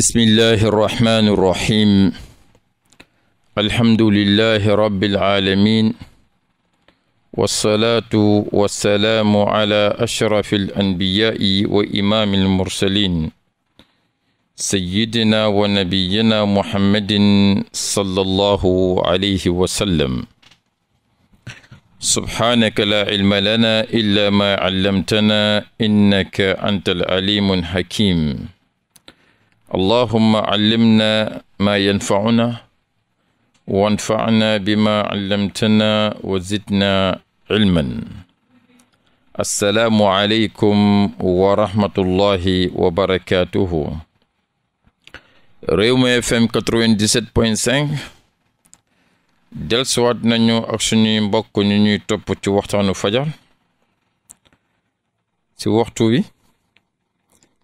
bismillahi irrahmani irrahim alhamdulilahi rabiilalamin walsalaatu walsalaamu ala ashrafi alanbiyaai wa imaami almursalin sayidina wa nabiyina muhammadin sala allahu alayhi wasallam subhaanaka laa cilma lanaa illaa maa callamtanaa innaka anta alcalimu alxakim allahuma callimna maa yanfacunaa wanfacnaa bimaa callamtanaa wa zidnaa cilman assalaamu aleykum wa rahmatullahi wa barakaatuhu Rewmi FM 97.5 dellusiwaat nañu ak suñuy mbokk ñu ñuy topp ci waxtaanu fajar ci waxtu wi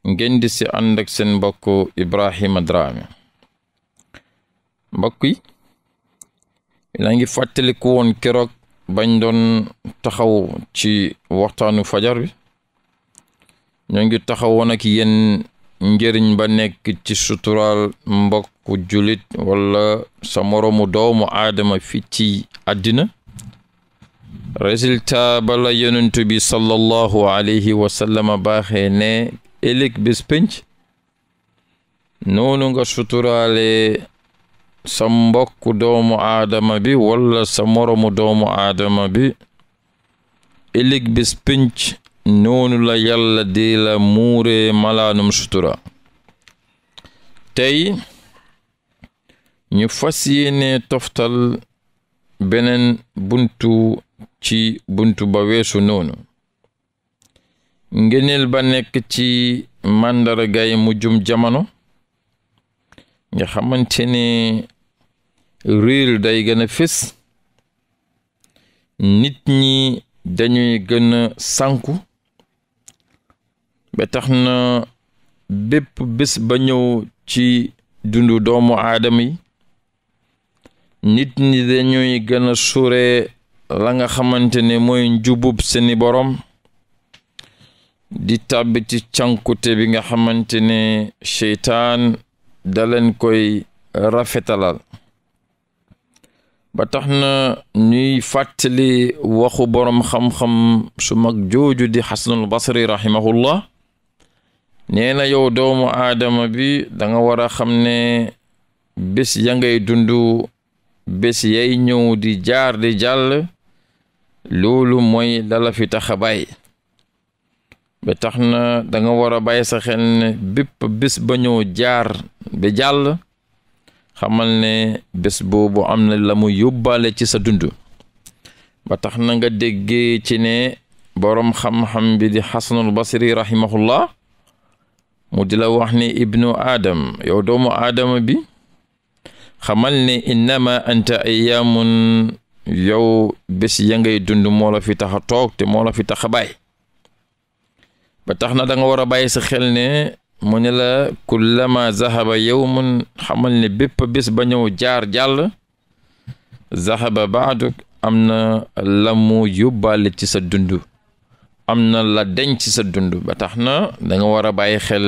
ngeen di si ànd seen mbokk Ibrahima Drame mbokk yi yaa ngi fàttaliku woon keroog bañ doon taxaw ci waxtaanu fajar bi ñoo ngi taxawoon ak njëriñ ba nekk ci suturaal mbokku julit wala sa moromu doomu aadama fi ci àddina résultat bala yonent bi sallallahu alayhi wa baaxee ne ëllëg bés pénc noonu nga suturaale sa mbokk doomu aadama bi walla sa doomu aadama bi ëllëg bés pénc noonu la yàlla di la muure malaanum sutura tey ñu fas yéene toftal beneen buntu ci buntu ba weesu noonu ngëneel ba nekk ci màndargaay mujjum jamono nga xamante ne riir day gën a fés nit ñi dañuy gën a sànku ba tax na bépp bés ba ñëw ci dundu doomu aadama yi nit ñi dañuy gën a sure la nga xamante ne mooy njubub seeni borom di tàbbi ci bi nga xamante ne seytaan daleen koy rafetalal ba tax na ñuy fàttali waxu boroom xam-xam su mag jooju di xasanul basri rahimahullah nee na yow doomu aadama bi danga nga war a xam ne bés ya ngay dund bés yay ñëw di jaar di jàll loolu moy lala fi taxabaay ba tax na danga nga war a bàyyi sa xel ne bépp bés ba ñëw jaar ba jàll xamal ne bés boobu am na la mu yóbbaale ci sa dund ba tax na nga déggee ci ne boroom xam-xam bi di xasanul basri rahimahullah mu di la wax ne ibnu aadam yow doomu aadama bi xamal ne innama anta ayaamun yow bés ya ngay dund moo la fi tax a toog te moo la fi tax a bàyyi ba tax na danga war a bàyyi sa xel ne mu ne la kullama zahaba yawmun xamal ne bépp bés ba ñëw jaar jàll zahaba baaduk am na la mu yóbbaale ci sa dundu am na la deñ ci sa dundu ba tax na danga war a bàyyi xel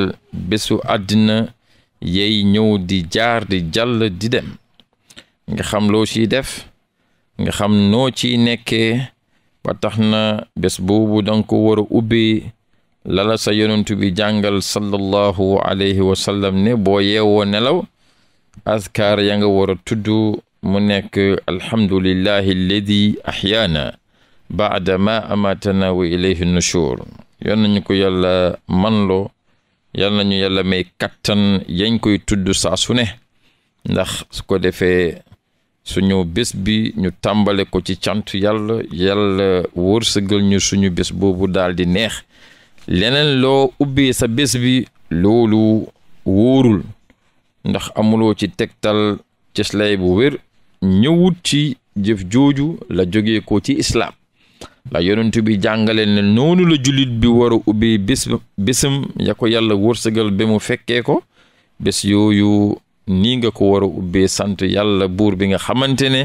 bésu àddina yey ñëw di jaar di jàll di dem nga xam loo ciy def nga xam noo ci nekkee ba tax na bés boobu danga war a ubbi lala sa yonent bi jàngal sallallahu alayhi wa sallam ne boo yeewoo nelaw azkaar ya nga war a tudd mu nekk alhamdulillahi alladi ahyaana baada ma amatana wa ilayhi nushur yal nañu ko yàlla manloo yal nañu yàlla may kattan yañ koy tudd saa su ne ndax su ko defee suñu bés bi ñu tàmbale ko ci cant yàlla yàlla wërsëgal ñu suñu bés boobu daal neex leneen loo ubbi sa bés bi loolu wóorul ndax amuloo ci tegtal cëslay bu wér ñëwut ci jëf jooju la jóge ko ci islaam la yonentu bi jàngale ne noonu la jullit bi war a ubbee bés bésam ya ko yàlla wërsëgal mu fekkee ko bés yooyu nii nga ko war a ubbee sant yàlla buur bi nga xamante ne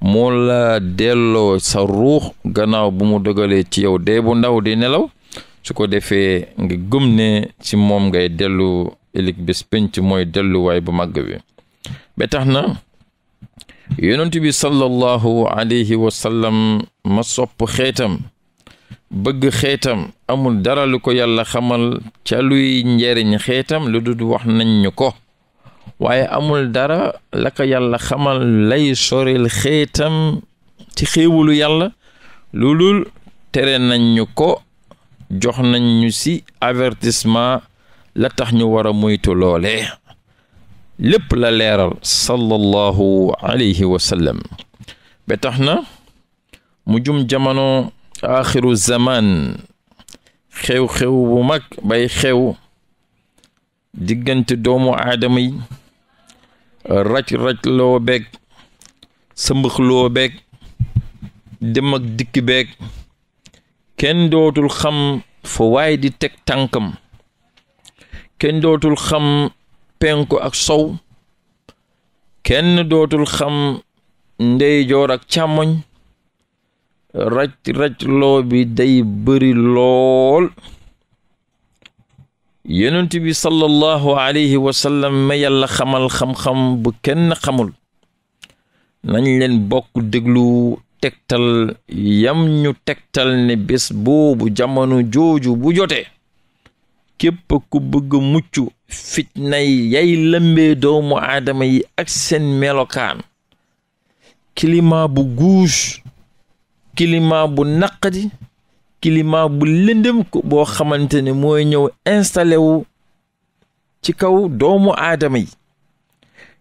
moo la delloo sa ruux gannaaw bu mu dogalee ci yow dee bu ndaw de nelaw su ko defee ngi gëm ne ci moom ngay dellu ëllëg bés penc mooy delluwaay bu màgg bi ba tax na yonent bi sallallahu alayhi wa ma sopp xeetam bëgg xeetam amul dara lu ko yàlla xamal ca luy njariñ xeetam lu dul wax nañ ñu ko waaye amul dara la ko yàlla xamal lay soril xeetam ci xéewalu yàlla lu dul tere nañ ko jox nañ ñu ci avertissement la tax ñu war a moytu loole lépp la leeral sallallahu alayhi wa sallam ba tax na mu jum jamono axiru zaman xew-xew bu mag bay xew diggante doomu aadama yi raj-raj loo beeg sëmbax loo beeg dikk beeg kenn dootul xam fa waay di teg tànkam kenn dootul xam penku ak sow kenn dootul xam ndeyjoor ak càmmoñ raj raj loo bi day bëri lool yonent bi sallallahu alayhi wasallam ma la xamal xam-xam bu kenn xamul nañ leen bokk déglu tegtal yam ñu tegtal ne bés boobu jamono jooju bu jote képp ku bëgg mucc fitnay yay lëmbee doomu aadama yi ak seen melokaan climat bu guus climat bu naqadi climat bu lëndëm ko boo xamante ne mooy ñëw installé wu ci kaw doomu aadama yi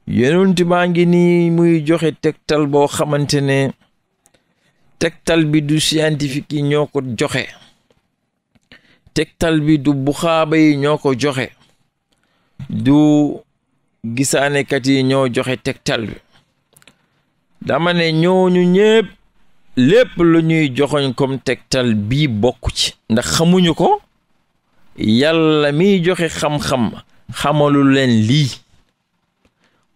yonent baa ngi nii muy joxe tegtal boo xamante ne tegtal bi du scientifique yi ñoo ko joxe tegtal bi du buxaaba yi ñoo ko joxe du gisaanekat yi ñoo joxe tegtal bi dama ne ñooñu ñépp lépp la ñuy joxoñ comme tegtal bii bokk ci ndax xamuñu ko yàlla miy joxe xam-xam xamalu leen lii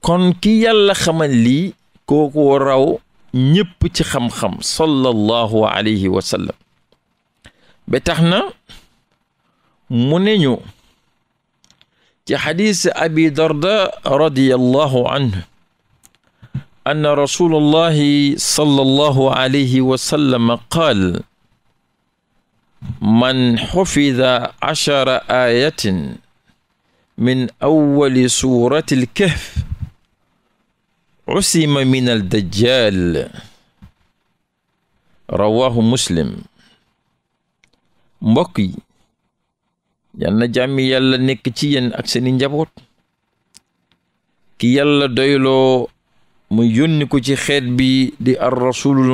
kon ki yàlla xamal lii kooku raw ñëpp ci xam-xam sallallahu alayhi wa sallam ba tax na mu ne ñu ci xadiis abi darda radiyallahu anhu anna rasulullahi sallallahu alayhi wa sallam qaal man xufida cashara aayatin min awwali suurati alkahf usima min al dajjal muslim mbokk yi yal na yàlla nekk ci ak seeni njaboot ki yàlla doyloo mu yónni ko ci xeet bi di ar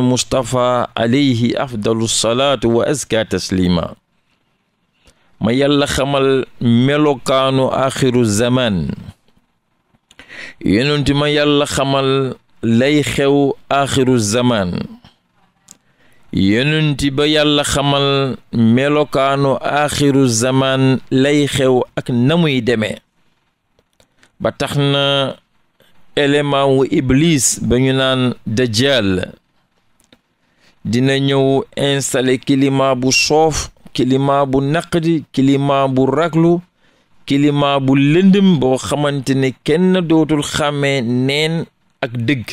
mustafa alayhi afdalu salaatu wa azka taslima ma yàlla xamal melokaanu axiru zaman yonent ma yàlla xamal lay xew aaxiru zamaan yonent ba yàlla xamal melokaanu aaxiru zamaan lay xew ak namuy deme ba tax na élément ibliis ba ñu naan dajjal dina ñëw installé climat bu soof climat bu naqdi climat bu raglu kilimaa bu lëndëm boo xamante ne kenn dootul xàmmee neen ak dëgg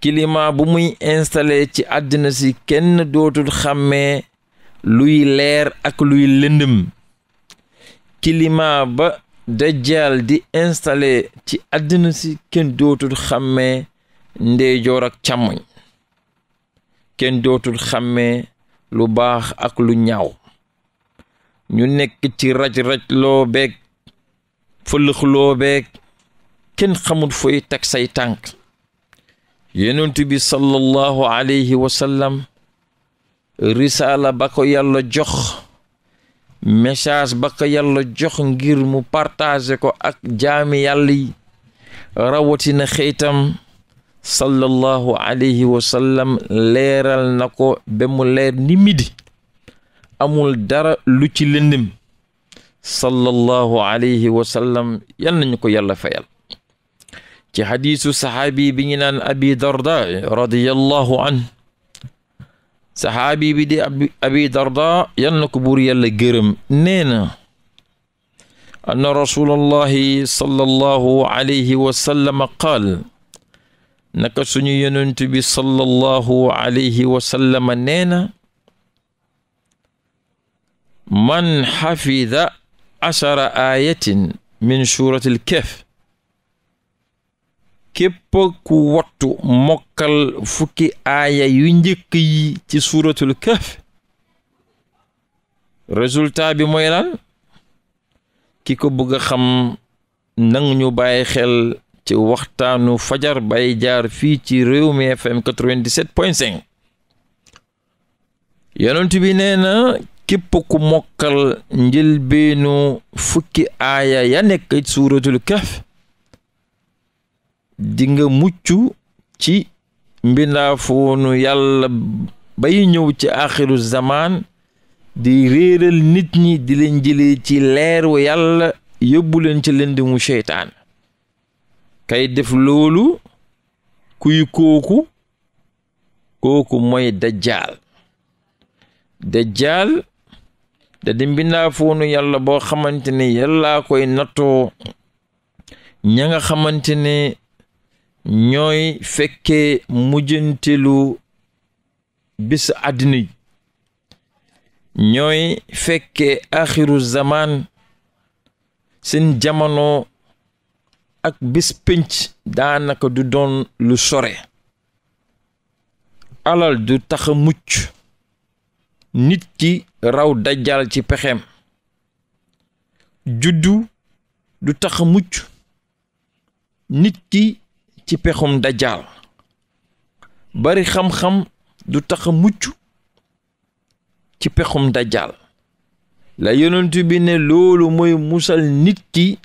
kilima bu muy installé ci àddina kenn dootul xàmmee luy leer ak luy lëndëm kilima ba dajjaal di installé ci àddina si kenn dootul xàmmee ndeyjoor ak càmmoñ kenn dootul xàmmee lu baax ak lu ñaw ñu nekk ci raj-raj loo beeg fëlëx kenn xamut fooy teg say tànk yonent bi sallallahu alayhi wa risaala ba ko yàlla jox message ba ko jox ngir mu partager ko ak jaami yàlla yi rawatina xeytam sallallahu alayhi wa leeral na ko ba mu leer ni amul dara lu ci lëndëm sallallahu alayhi ko yàlla fayal ci xadiisu saxaabi bi ñu naan abi darda radiyallahu an saxaabi bi di abi darda yal na ko buur yàlla gërëm nee na anna rasulallahi sallallahu alayhi qaal naka suñu yonent bi sallallahu alayhi wa sallam na man xafida ashara ayatin min suratil kef képp ku wattu mokkal fukki aaya yu njëkk yi ci suuratul kef résultat bi moy lan ki ko bëgg xam nang ñu bàyyi xel ci waxtaanu fajar bay jaar fii ci Rewmi FM 97.5 yonent bi nee képp ku mokkal njëlbeenu fukki aaya ya nekk suuratul dinga di nga mucc ci mbindaafoonu yàlla bay ñëw ci axiru zamaan di réeral nit ñi di leen jëlee ci leeru yàlla yóbbu leen ci leen di mu seytaan kay def loolu kuy kooku kooku mooy dajjaal da di mbindaafoonu yàlla boo xamante ne yàllaa koy nattoo ña nga xamante ne ñooy fekkee mujjantelu bis àddina ñooy fekkee axiru zamaan seen jamono ak bis pénc daanaka du doon lu sore alal du tax mucc nit ki raw dajjal ci pexeem juddu du tax mucc nit ki ci pexum dajjal bari xam-xam du tax mucc ci pexum dajjal la yonent bi ne loolu mooy musal nit ki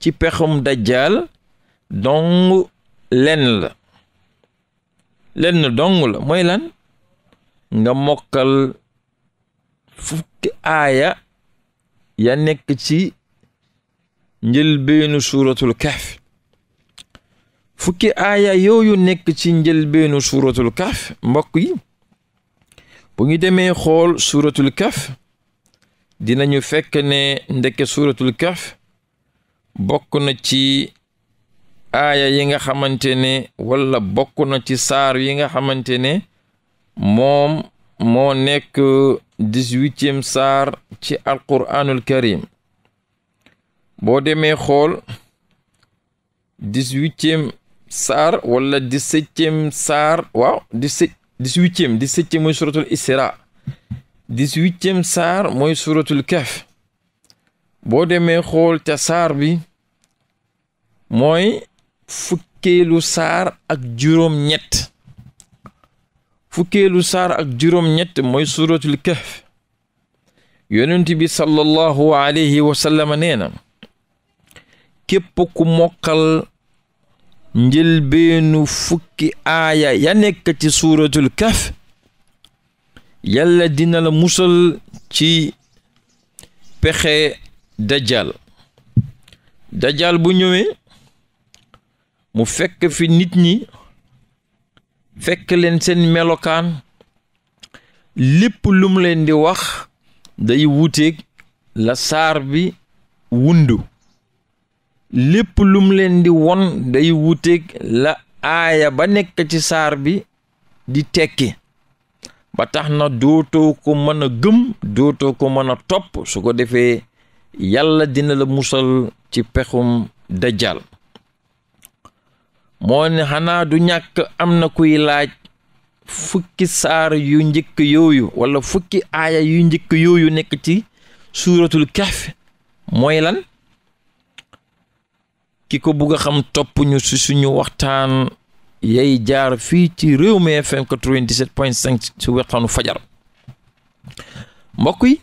ci pexum dajjal dong lenn la lenn dong la mooy lan nga mokkal fukki aaya ya nekk ci njëlbeenu suuratul kahf fukki aaya yooyu nekk ci njëlbeenu suuratul kahf mbokk yi bu ñu demee xool suuratul kahf dinañu fekk ne ndeke suuratul kahf bokk na ci aaya yi nga xamante ne wala bokk na ci saar yi nga xamante ne moom moo nekk dix saar ci alquraanul karim boo demee xool dix-huitième saar wala dix-septième saar mooy suratul isra dix saar mooy suratul kahf boo demee xool ca saar bi mooy fukkeelu saar ak juróom ñett fukkeelu saar ak juróom-ñett mooy suratul kahf yonent bi sallallahu alayhi wa sallam nee ku mokkal njëlbeenu fukki aaya yanekkati nekk ci suuratul kahf yàlla dina la musal ci pexe dajal dajjal bu ñëwee mu fekk fi nit ñi fekk leen seen melokaan lépp lu leen di wax day wuuteeg la saar wundu lépp lum leen di won day wuuteeg la aaya ba nekk ci saar bi di tekki ba tax na dootoo ko mën a gëm dootoo ko mën a topp su ko defee yàlla dina la musal ci pexum dajal moo xanaa du ñàkk am na kuy laaj fukki saar yu njëkk yooyu wala fukki aaya yu njëkk yooyu nekk ci suuratul kahf mooy lan ki ko bugg a xam topp ñu si suñu waxtaan yay jaar fii ci réew Rewmi FM 97.5 ci waxtaanu fajar mbokk yi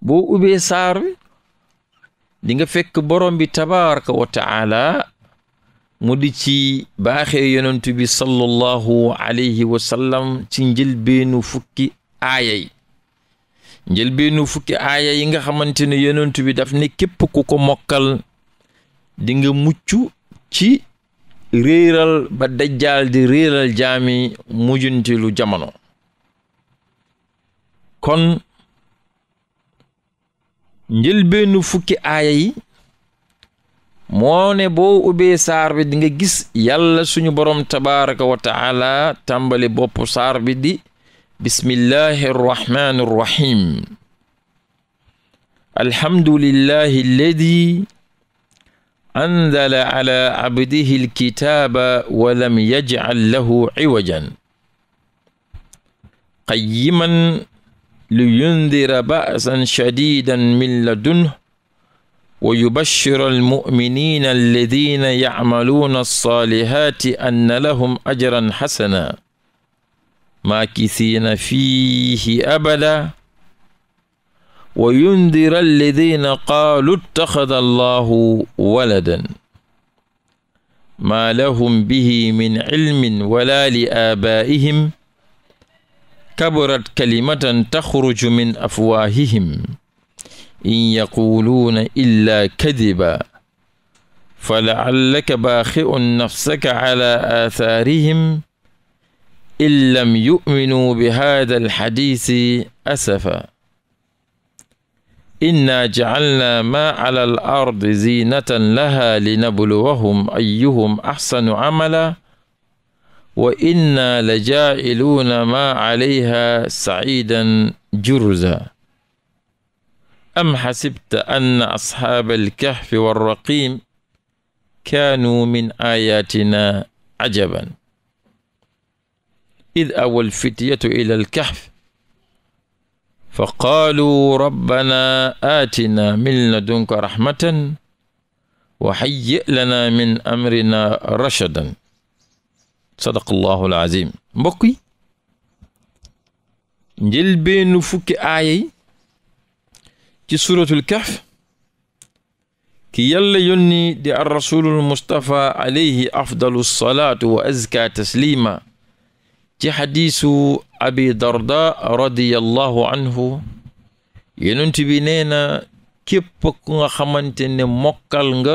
boo ubbee saar dinga fekk borom bi tabaraka wa taala mu di ci baaxe yonent bi sallallahu alayhi wa sallam ci njëlbeenu fukki aaya yi njëlbeenu fukki aaya yi nga xamante ne yonent bi daf ne képp ku ko mokkal dinga nga mucc ci réeral ba dajjaal di réeral jaami mujjanteelu jamono kon njëlbeenu fukki aaya yi moo ne boo ubbee saar bi di nga gis yàlla suñu borom tabaraka wa taala tàmbali bopp saar bi di bismillahi arrahmani arrahim alhamdulillahi alladi anzala ala abdihi alkitaaba wa lam yajcal lahu ciwajan qayiman liyundira ba'san shadidan min ladunhu wa yubashiru almuminina alladina yacmaluuna alsalihati anna lahum ajran xasana maakisiina fiihi abada wa yundira alladina qaalu ittaxada allahu waladan maa lahum bihi min cilmin wala li aabaa'ihim kaburat kalimatan taxruju min afwaahihim in yaquluuna illa kadiba fa laallaka baaxiun nafsaka ala aathaarihim in lam yuminuu bi haada alxadisi asafa inna jacalna ma ala al ardi ziinatan laha linabluwahum ayuhum axsanu camala wa inna la jaaciluuna ma calayha saciidan jurza am xasibta anna asxaaba alkahfi warraqim kaanuu min aayaatina ajaban id awal fityatu ila alkahf fa qaaluu rabbana aatina min ladunka rahmatan wa hayyi' lana min amrina rashadan sadaqa allahu alazim mbokk yi njëlbeenu fukki aaya yi ci suratul kahf ki yàlla yónni di ar rasulul mustapha alayhi salaatu wa azka taslima ci xadiisu abi darda radiallahu anhu yonent bi nee na képp ku nga xamante ne mokkal nga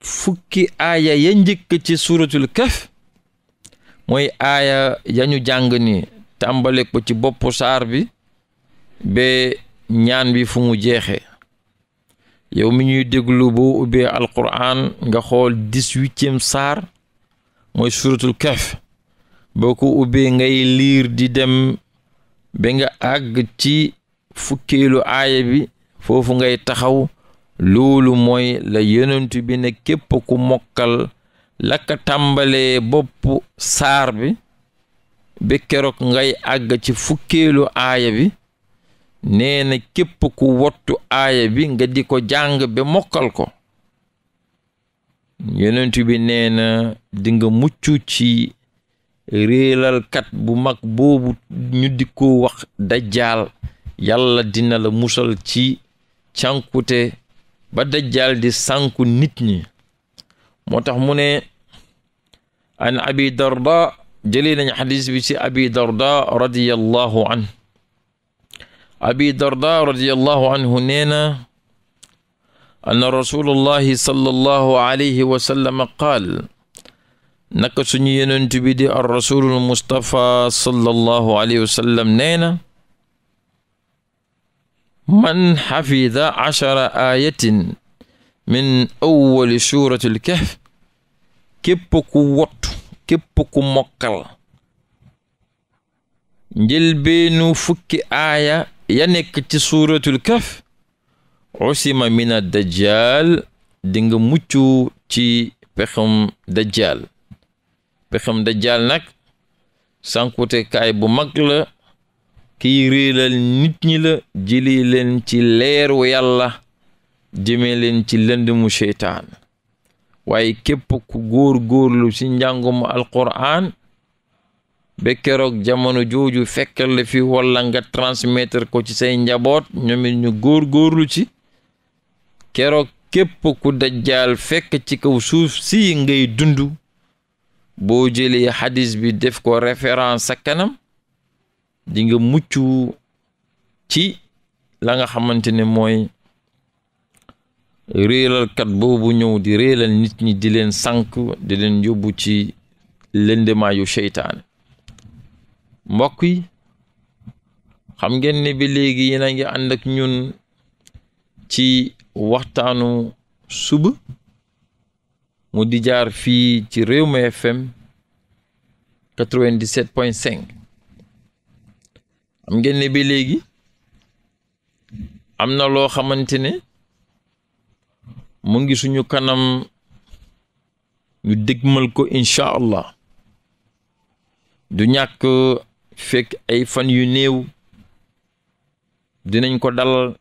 fukki aaya ya ci suratul kahf mooy aaya ya ñu jàng ni tàmbale ko ci boppu saar bi ba ñaan bi fu mu jeexe yow mi ñuy déglu boo ubbee alquran nga xool dix-huitième saar mooy suratul kahf boo ko ubbee ngay liir di dem ba nga àgg ci fukkeelu aaya bi foofu ngay taxaw loolu mooy la yonentu bi ne képp ku mokkal la tàmbalee bopp saar bi ba keroog ngay àgg ci fukkeelu aaya bi nee na képp ku wottu aaya bi nga di ko jàng ba mokkal ko yonentu bi neena dinga di nga mucc ci réelalkat bu mag boobu ñu di ko wax yàlla dina la musal ci cànkute ba dajjaal di sànku nit ñi moo tax mu ne an abi darda jëlee nañ xadis bi ci abi darda radiyallahu an abi darda radiallahu anhu nee na anna rasulullahi sallallahu alayhi wa sallam qaal naka suñu yonent bi di ar rasulul mustapha sallallahu alayhi wa sallam nee na man xafida achara aayatin min awali suratul kahf képp ku wottu képp ku mokkal njëlbeenu fukki aaya ya nekk ci suuratul kaf usima mina dajjal di nga mucc ci pexam dajjal pexam dajjal nag sànkute kaay bu mag la kiy nit ñi la jëli leen ci leeru yàlla jëmee leen ci lënd lëndëmu seytaan waaye képp ku góor góorlu ci njàngum alquran ba keroog jamono jooju fekkal la fi walla nga transmettre ko ci say njaboot ñoomit ñu góor góorlu ci keroog képp ku dajjaal fekk ci kaw suuf si ngay dundu boo jëlee xadis bi def ko référence sa kanam di mucc ci la nga xamante ne mooy réelalkat boobu ñëw di réelal nit ñi di leen sànk di leen yóbbu ci lëndemaayu seytaane mbokk yi xam ngeen bi léegi yéen a ngi ànd ak ñun ci waxtaanu suba mu di jaar fii ci Rewmi FM 97.5 xam ngeen bi léegi am na loo xamante ne mu ngi suñu kanam ñu dégmal ko incha allah du ñàkk. fekk ay fan yu néew dinañ ko dalal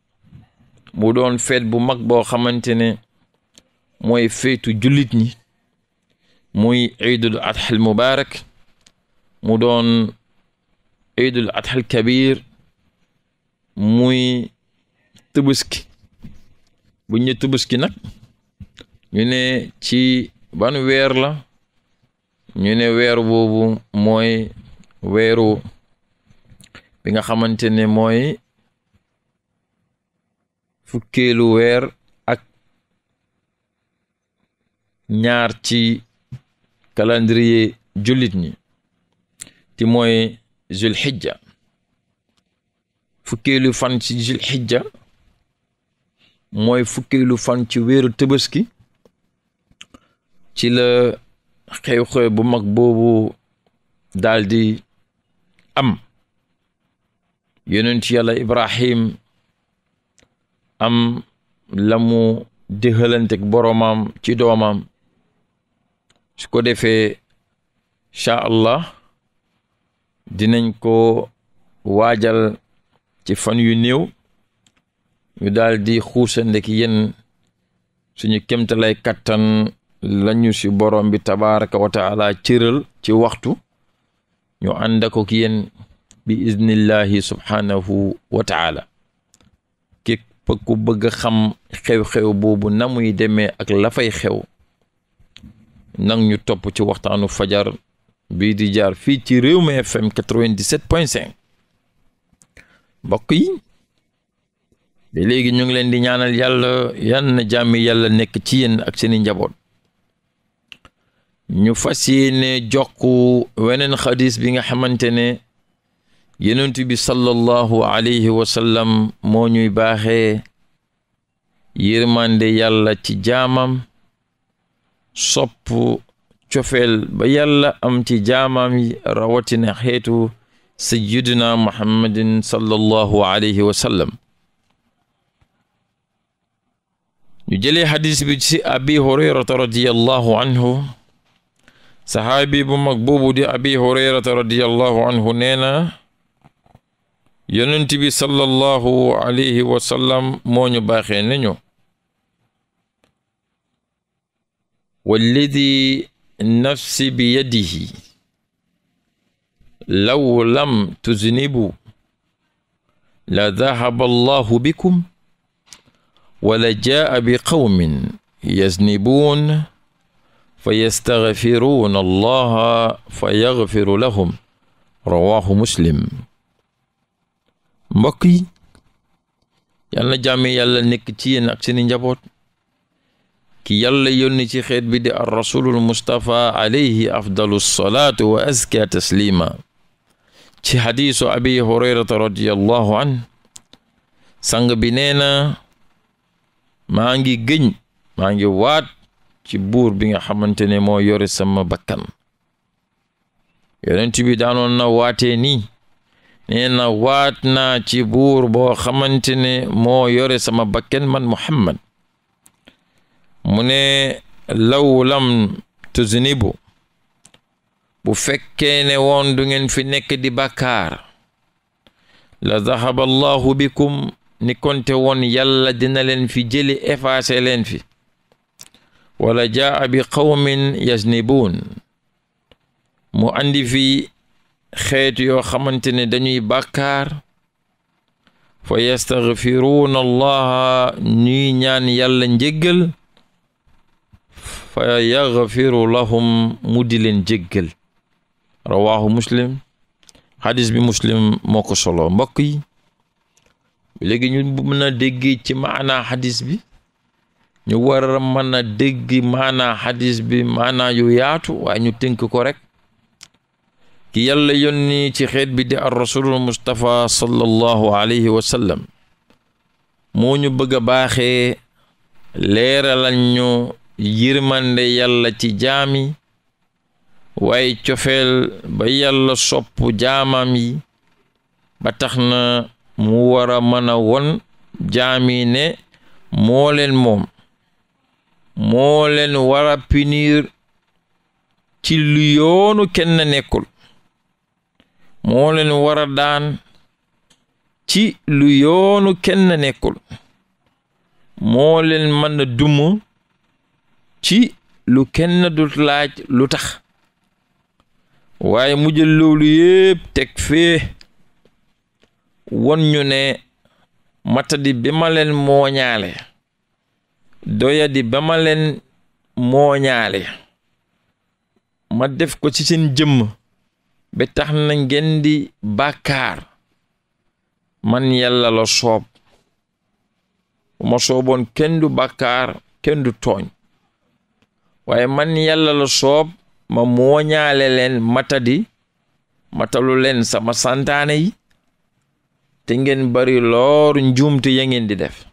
mu doon feet bu mag boo xamante ne mooy feetu jullit ñi muy iidul adxal mubaarak mu doon iidul adxal kabir muy tubuski bu ñu tubuski nag ñu ne ci ban weer la ñu ne weer boobu mooy weeru bi nga xamante ne mooy fukkeelu weer ak ñaar ci calendrier jullit ñi ti mooy zulhijja fukkeelu fan ci zulhijja mooy fukkeelu fan ci weeru tëbaski ci la xew-xew bu mag boobu daldi am yonent yàlla ibrahim am lamu mu dëxalanteg boroomam ci doomam su ko defee sha allah dinañ ko waajal ci fan yu néew ñu daal di xuusandeki yen suñu kemtalay kattan lañu ci borom bi tabaraka wa ci waxtu ñu ànd ko ki yéen bi iznillahi subhaanahu wa taala képp ku bëgg a xam xew-xew boobu na muy demee ak lafay xew nang ñu topp ci waxtaanu fajar bii di jaar fii ci réew Rewmi FM 97.5 mbokk yi ba léegi ñu ngi leen di ñaanal yàlla yan na jàmmi yàlla nekk ci yéen ak seeni njaboot ñu fas yéene jokk weneen xadis bi nga xamante ne yenentu bi sallallahu alayhi wa moo ñuy baaxee yërmande yàlla ci jaamam sopp cofeel ba yàlla am ci jaamam rawatina xeetu sayyidina muhammadin sallallahu alayhi wa sallam ñu jëlee xadis bi ci abi hurayrata radiyallahu anhu saxaabi bu mag boobu di abi hurayrata radiallahu anhu nee na yonent bi sallallahu alayhi wa sallam moo ñu baaxee nañu walladi nafsi bi yadihi law lam tuznibu la dahaba allahu bikum wala jaa bi qawmin yaznibuun fa yastaxfiruuna allaha fa yaxfiru lahum rawahu yàlla nekk ci yéen ak njaboot ki yàlla yónni ci xeet bi di ar rasulul mustapha alayhi afdalu salaatu wa azka taslima ci xadiisu abi hurayrata radiallahu an sang bi maa ngi gëñ maa ngi waat ci buur bi nga xamante ne moo yore sama bakkan yonent bi daanoon na waate nii nee na waat naa ci buur boo xamante ne moo yore sama bakkan man Muhammad mu ne law lam tuznibu bu fekke ne woon du ngeen fi nekk di bakkar la zahaba allahu bikum ni konte woon yàlla dina leen fi jëli effacé leen fi wala jaa bi qawmin yasnibuun mu andi fi xeet yoo xamante ne dañuy bàkkaar fa yastaghfiruuna allaha ñuy ñaan yàlla njéggal fa yaghfiru lahum mu di leen jéggal rawaahu muslim xadis bi muslim moko solo mbokk yi léegi ñu mën a ci maanaa xadis bi ñu war a mën a dégg maanaa xadis bi maanaa yu yaatu waaye ñu tënk ko rekk ki yàlla yónni ci xeet bi di ar rasulul mustapha sallallahu alayhi wa sallam moo ñu bëgg a baaxee leeralal ñu yërmande yàlla ci jaami waaye cofeel ba yàlla sopp jaamam yi ba tax na mu wara a mën a won jaami ne moo moom moo leen war ci lu yoonu kenn nekkul moo wara daan ci lu yoonu kenn nekkul mooleen leen mën a dumm ci lu kenn du laaj lu tax waaye mu jël loolu yépp teg fee won ñu ne matadi bi maleen leen mooñaale doyadi ba ma leen mooñaale ma def ko ci seen jëmm ba tax na ngeen di bàkkaar man yàlla la soob ma sooboon kenn du bàkkaar tooñ waaye man yàlla soob ma mooñaale leen matadi matalu leen sama santaane yi te ngeen bari looru njuumte ya ngeen di def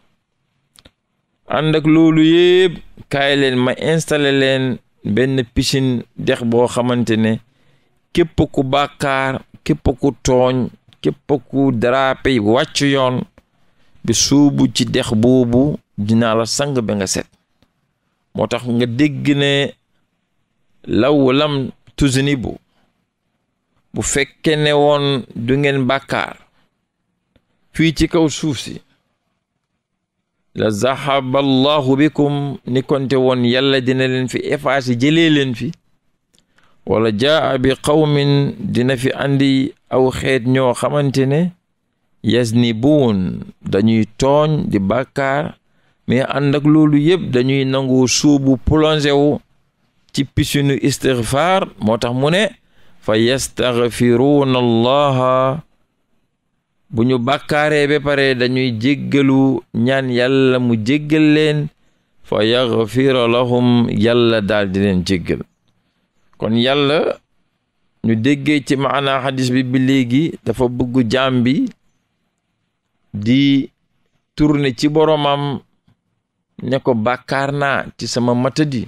ànd loolu yëpp kaay leen ma installé leen benn piscine dex boo xamante ne képp ku képp ku tooñ képp ku darape wàcc yoon bi suubu ci dex boobu dinaa la sang ba nga set moo tax nga dégg ne law lam tuznibu bu fekkee ne woon du ngeen bàkkaar fii ci kaw suuf si la zahaba allahu bikum ni konte woon yàlla dina leen fi effacé jëlee leen fi wala jaa bi qawmin dina fi andi aw xeet ñoo xamante ne yasnibuun dañuy tooñ di bàkkaar mais ànd ak loolu yëpp dañuy nangu suubu plongé wu ci piscine istigfaar moo tax mu ne fa yastaghfiruuna allaha bu ñu bàkkaaree ba pare dañuy jéggalu ñaan yàlla mu jéggal leen fa yaxfira lahum yàlla daal di leen jéggal kon yàlla ñu déggee ci ma xadis bi bi léegi dafa bëgg jaam bi di tourner ci boromam ne ko bàkkaar naa ci sama matadi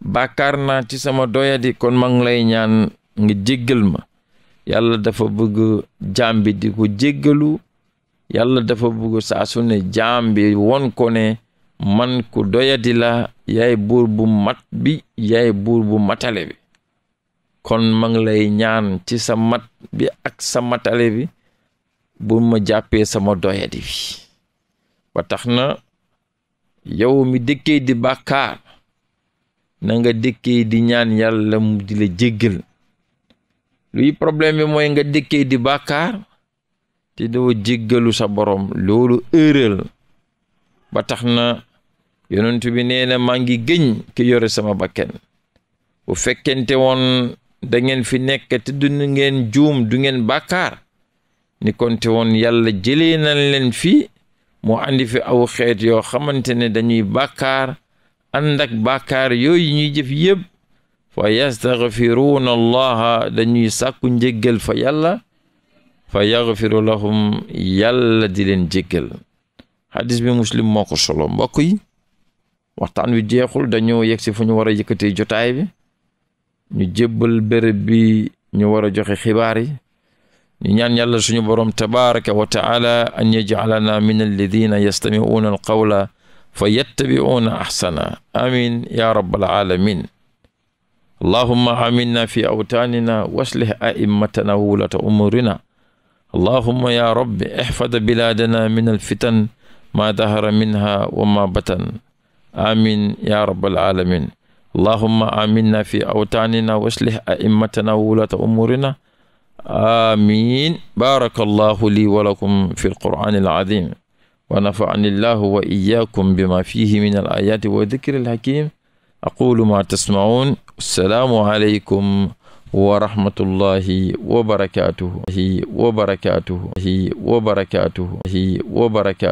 bàkkaar naa ci sama doyadi kon ma lay ñaan nga jéggal ma yàlla dafa bëgg jaam bi di ko jéggalu yàlla dafa bëgg saa su bi won ko ne man ko doyadi la buur bu mat bi yaay buur bu matale bi kon ma lay ñaan ci sa mat bi ak sa matale bi bu ma jàppee sama doyadi bi ba tax na yow mi dëkkee di bàkkaar na nga dëkkee di ñaan yàlla mu di la jéggal luy problème bi mooy nga dëkkee di bàkkaar te doo jéggalu sa borom loolu ëral ba tax na yonent bi nee na maa ngi gëñ ki yore sama bakken bu fekkente woon da ngeen fi nekk te du ngeen juum du ngeen bàkkaar ni konte woon yàlla jëlee nañ leen fi moo andi fi aw xeet yoo xamante ne dañuy bàkkaar ànd ak bàkkaar yooyu ñuy jëf yëpp fa yastaxfiruuna allaha dañuy sàkku njéggal fa yàlla fa yaxfiru lahum yàlla di leen jéggal xadis bi muslim moo ko solo mbokk yi waxtaan wi jeexul dañoo yegg si fu ñu war a yëkkatee jotaay bi ñu jébbal bërëb bi ñu war a joxe xibaar yi ñu ñaan yàlla suñu boroom tabaraka wa taala an yajcalana min alladina yastamicuuna alqawla fa yattabicuuna axsana amin ya rabbal alamin allahumma aminna fi awtaanina wa aslih a'immatana wa wulata umurina allahumma ya rabbi ihfad bilaadana min alfitan ma dahara minha wa ma batan amin ya rabbal alamin allahumma aminna fi awtaanina wa aslih a'immatana wa wulata umurina amin barakallahu li wa lakum fi alqur'ani alazim wa nafa'ani allahu wa iyyakum bima fihi min alayati wa dhikri alhakim aqulu ma tasma'un asalaamualeykum wa rahmatullahi wa barakaatuhu wa